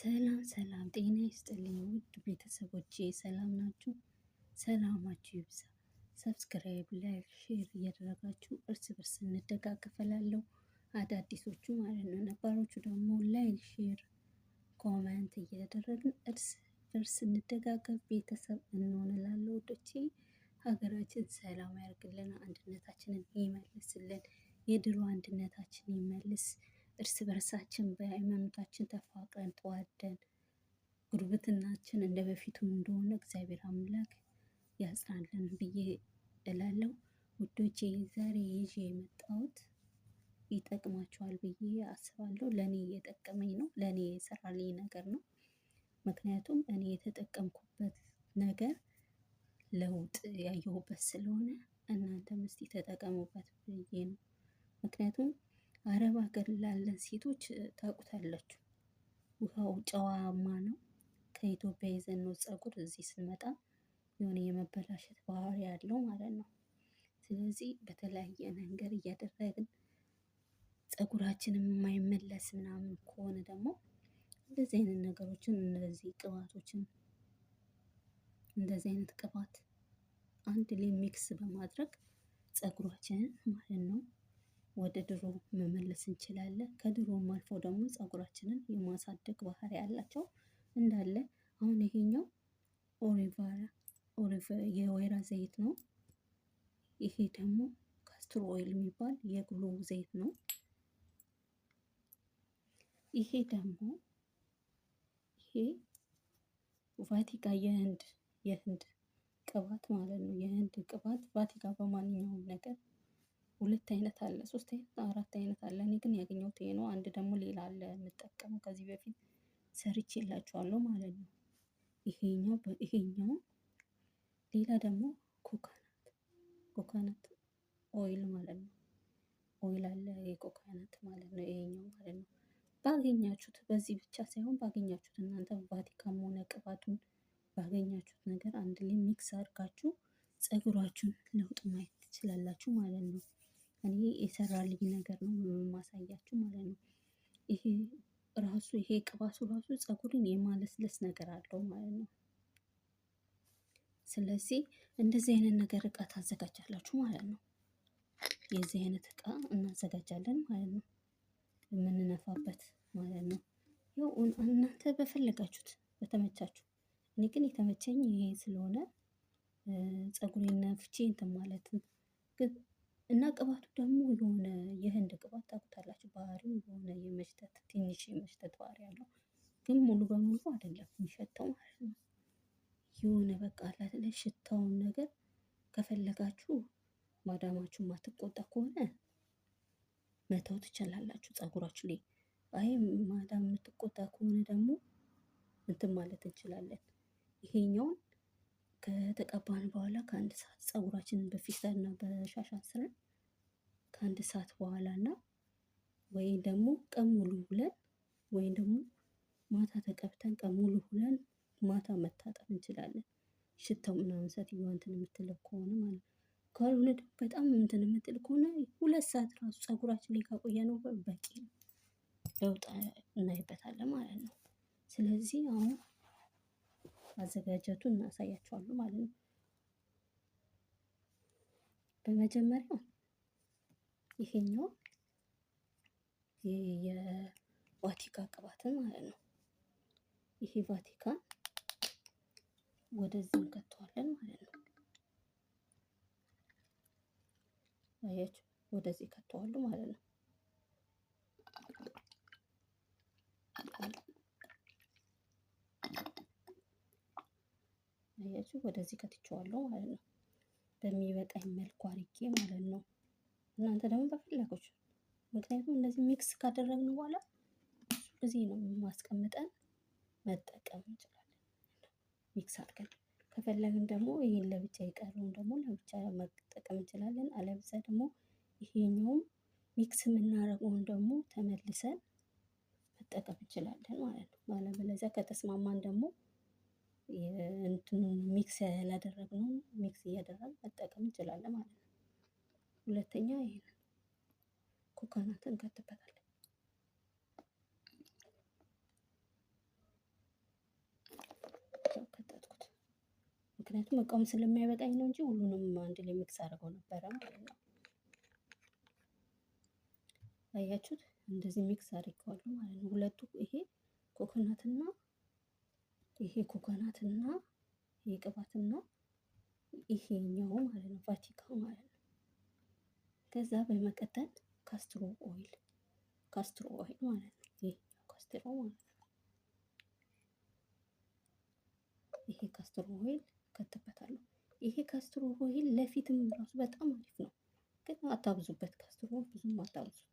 ሰላም ሰላም፣ ጤና ይስጥልኝ ውድ ቤተሰቦቼ፣ ሰላም ናችሁ? ሰላማችሁ ይብዛ። ሰብስክራይብ፣ ላይክ፣ ሼር እያደረጋችሁ እርስ በርስ እንደጋገፈላለው አዳዲሶቹ ማለት ነው። ነባሮቹ ደግሞ ላይክ፣ ሼር፣ ኮመንት እያደረግን እርስ በርስ እንደጋገፍ ቤተሰብ እንሆንላለን። ወዶቼ ሀገራችን ሰላም ያርግልን አንድነታችንን ይመልስልን፣ የድሮ አንድነታችን ይመልስ። እርስ በርሳችን በሃይማኖታችን ተፋቅረን ተዋደን ጉርብትናችን እንደ በፊቱ እንደሆነ እግዚአብሔር አምላክ ያጽናልን ብዬ እላለሁ። ውዶቼ ዛሬ ይዤ የመጣሁት ይጠቅማቸዋል ብዬ አስባለሁ። ለእኔ እየጠቀመኝ ነው፣ ለእኔ የሰራልኝ ነገር ነው። ምክንያቱም እኔ የተጠቀምኩበት ነገር ለውጥ ያየሁበት ስለሆነ እናንተም እስቲ ተጠቀሙበት ብዬ ነው። ምክንያቱም አረብ ሀገር ላለን ሴቶች ታውቁታላችሁ፣ ውሃው ጨዋማ ነው። ከኢትዮጵያ ይዘን ነው ጸጉር እዚህ ስንመጣ የሆነ የመበላሸት ባህሪ ያለው ማለት ነው። ስለዚህ በተለያየ ነገር እያደረግን ጸጉራችንም የማይመለስ ምናምን ከሆነ ደግሞ እንደዚህ አይነት ነገሮችን እነዚህ ቅባቶችን እንደዚህ አይነት ቅባት አንድ ላይ ሚክስ በማድረግ ጸጉራችንን ማለት ነው ወደ ድሮ መመለስ እንችላለን። ከድሮም አልፎ ደግሞ ጸጉራችንን የማሳደግ ባህሪ ያላቸው እንዳለ አሁን ይሄኛው የወይራ ዘይት ነው። ይሄ ደግሞ ካስትሮ ኦይል የሚባል የግሎ ዘይት ነው። ይሄ ደግሞ ይሄ ቫቲካ የህንድ የህንድ ቅባት ማለት ነው። የህንድ ቅባት ቫቲካ በማንኛውም ነገር ሁለት አይነት አለ፣ ሶስት አይነት አራት አይነት አለ። እኔ ግን ያገኘሁት ይሄ ነው። አንድ ደግሞ ሌላ አለ የምጠቀመው ከዚህ በፊት ሰርቼ የላችኋለሁ ማለት ነው። ይሄኛው ይሄኛው ሌላ ደግሞ ኮካናት ኮካናት ኦይል ማለት ነው። ኦይል አለ የኮካናት ማለት ነው። ይሄኛው ማለት ነው። ባገኛችሁት በዚህ ብቻ ሳይሆን ባገኛችሁት እናንተ ቫቲካም ሆነ ቅባቱን ባገኛችሁት ነገር አንድ ላይ ሚክስ አድርጋችሁ ጸጉራችሁን ለውጥ ማየት ትችላላችሁ ማለት ነው። እኔ የሰራልኝ ነገር ነው የማሳያችሁ ማለት ነው። ይሄ ራሱ ይሄ ቅባቱ ራሱ ፀጉርን የማለስለስ ነገር አለው ማለት ነው። ስለዚህ እንደዚህ አይነት ነገር እቃ ታዘጋጃላችሁ ማለት ነው። የዚህ አይነት እቃ እናዘጋጃለን ማለት ነው። የምንነፋበት ማለት ነው። ያው እናንተ በፈለጋችሁት በተመቻችሁ። እኔ ግን የተመቸኝ ይሄ ስለሆነ ፀጉሬን ነፍቼ እንትን ግን እና ቅባቱ ደግሞ የሆነ የህንድ ቅባት ታውቁታላችሁ፣ ባህሪው የሆነ የመሽተት ትንሽ የመሽተት ባህሪ ያለው ግን ሙሉ በሙሉ አይደለም የሚሸተው ማለት ነው። የሆነ በቃ አላለ ሽታውን ነገር ከፈለጋችሁ ማዳማችሁ ማትቆጣ ከሆነ መተው ትችላላችሁ ፀጉራችሁ ላይ። አይ ማዳም የምትቆጣ ከሆነ ደግሞ እንትን ማለት እንችላለን ይሄኛውን ከተቀባን በኋላ ከአንድ ሰዓት ፀጉራችንን በፌስታል እና በሻሽ አስረን ከአንድ ሰዓት በኋላ እና ወይም ደግሞ ቀን ሙሉ ብለን ወይም ደግሞ ማታ ተቀብተን ቀን ሙሉ ብለን ማታ መታጠብ እንችላለን። ሽታው ምናምን ሴትዮዋ እንትን የምትለው ከሆነ ማለት ነው። ካልሆነ ደግሞ በጣም እንትን የምትል ከሆነ ሁለት ሰዓት ራሱ ጸጉራችን ላይ ካቆየ ካቆየነው በቂ ነው። ለውጥ እናይበታለን ማለት ነው። ስለዚህ አሁን አዘጋጀቱን እናሳያቸዋለን ማለት ነው። በመጀመሪያ ይሄኛው የቫቲካ ቅባትን ማለት ነው። ይሄ ቫቲካን ወደዚህ እንከተዋለን ማለት ነው። አያችሁ፣ ወደዚህ ከተዋሉ ማለት ነው። እያችሁ ወደዚህ ከትቼዋለሁ ማለት ነው። በሚበቃኝ መልኩ አድርጌ ማለት ነው። እናንተ ደግሞ በፈለጋችሁ ምክንያቱም እነዚህ ሚክስ ካደረግን በኋላ ብዙ ጊዜ ነው ማስቀምጠን መጠቀም እንችላለን። ሚክስ አድርገን ከፈለግን ደግሞ ይህን ለብቻ የቀረውን ደግሞ ለብቻ መጠቀም እንችላለን። አለብዛ ደግሞ ይሄኛውም ሚክስ የምናደርገውን ደግሞ ተመልሰን መጠቀም እንችላለን ማለት ነው። አለበለዚያ ከተስማማን ደግሞ እንትኑን ሚክስ ያላደረግነው ሚክስ እያደረግ መጠቀም እንችላለን ማለት ነው። ሁለተኛ ይሄ ነው። ኮኮናትን እንከትበታለን። ምክንያቱም እቃውም ስለማይበቃኝ ነው እንጂ ሁሉንም አንድ ላይ ሚክስ አድርገው ነበረ ማለት ነው። አያችሁት? እንደዚህ ሚክስ አድርገዋለሁ ማለት ነው። ሁለቱ ይሄ ኮኮናትና ይሄ ኮኮናት እና ይሄ ቅባትና ይሄኛው ማለት ነው ቫቲካ ማለት ነው። ከዛ በመቀጠል ካስትሮ ኦይል ካስትሮ ኦይል ማለት ነው። ይሄኛው ካስትሮ ማለት ነው። ይሄ ካስትሮ ኦይል ከትበታለሁ። ይሄ ካስትሮ ኦይል ለፊትም ራሱ በጣም አሪፍ ነው፣ ግን አታብዙበት። ካስትሮ ብዙም አታብዙት፣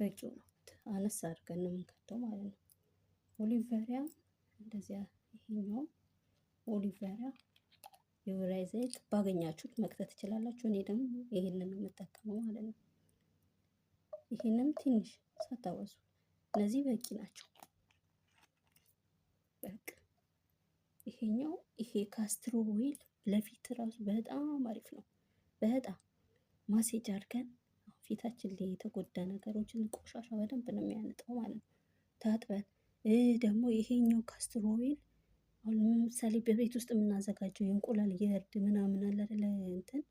በቂው ነው። አነስ አድርገን ነው የምንከተው ማለት ነው። ኦሊቭ እንደዚያ ይሄኛው ኦሊቬራ የወይራ ዘይት ባገኛችሁት መክተት ትችላላችሁ። እኔ ደግሞ ይሄንን የምጠቀመው ማለት ነው። ይሄንን ትንሽ ሳታወሱ እነዚህ በቂ ናቸው። በቃ ይሄኛው ይሄ ካስትሮ ኦይል ለፊት ራሱ በጣም አሪፍ ነው። በጣም ማሴጅ አድርገን ፊታችን ላይ የተጎዳ ነገሮችን ቆሻሻ በደንብ ነው የሚያነጠው ማለት ነው። ታጥበን ደግሞ ይሄኛው ካስትር ኦይል አሁን ለምሳሌ በቤት ውስጥ የምናዘጋጀው የእንቁላል የእርድ ምናምን አለ አይደለ እንትን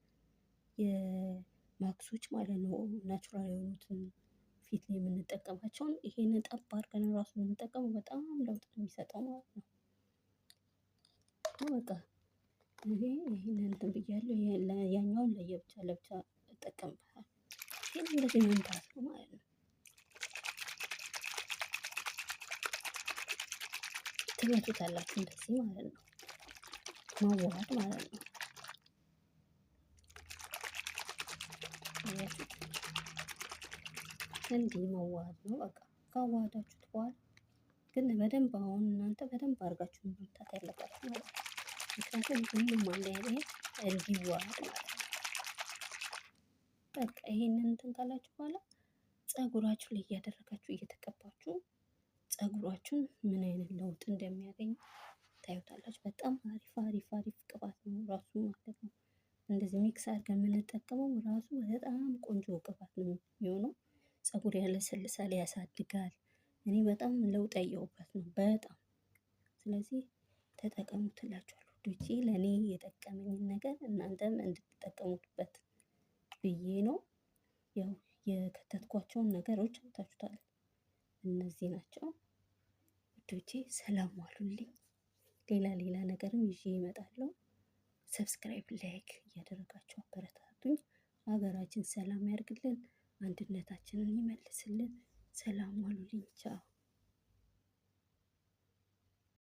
የማክሶች ማለት ነው። ናቹራል የሆኑትን ፊት ላይ የምንጠቀማቸውን ይሄንን ጠብ አድርገን ራሱ የምንጠቀመው በጣም ለውጥ የሚሰጠው ማለት ነው። በቃ ይሄ ይህንን እንትን ብያለሁ። ያኛውን ለየብቻ ለብቻ እጠቀምበታል። ይህን እንደዚህ መንታት ነው ማለት ነው። ትመቱታላችሁ። እንደዚህ ማለት ነው ማዋሃድ ማለት ነው። እንዲህ መዋሃድ ነው በቃ። ካዋሃዳችሁት በኋላ ግን በደንብ አሁን እናንተ በደንብ አድርጋችሁ መምታት ያለባችሁ ማለት ነው። ምክንያቱም ሁሉም አንድ አይነት እንዲዋሃድ ማለት ነው። በቃ ይሄንን እንትን ካላችሁ በኋላ ፀጉራችሁ ላይ እያደረጋችሁ እየተቀባችሁ ፀጉራችሁን ምን አይነት ለውጥ እንደሚያገኝ ታዩታላችሁ። በጣም አሪፍ አሪፍ አሪፍ ቅባት ነው ራሱ ማለት ነው። እንደዚህ ሚክስ አድርገን የምንጠቀመው ራሱ በጣም ቆንጆ ቅባት ነው የሚሆነው። ያለ ያለሰልሳል፣ ያሳድጋል። እኔ በጣም ለውጥ ያየሁበት ነው በጣም ስለዚህ ተጠቀሙት እላችኋለሁ። ዱቼ ለእኔ የጠቀመኝን ነገር እናንተም እንድትጠቀሙበት ብዬ ነው ያው የከተትኳቸውን ነገሮች አይታችሁታል። እነዚህ ናቸው። ውዶቼ ሰላም ዋሉልኝ። ሌላ ሌላ ነገርም ይዤ ይመጣለሁ ሰብስክራይብ፣ ላይክ እያደረጋችሁ አበረታቱኝ። ሀገራችን ሰላም ያድርግልን፣ አንድነታችንን ይመልስልን። ሰላም ዋሉልኝ። ቻው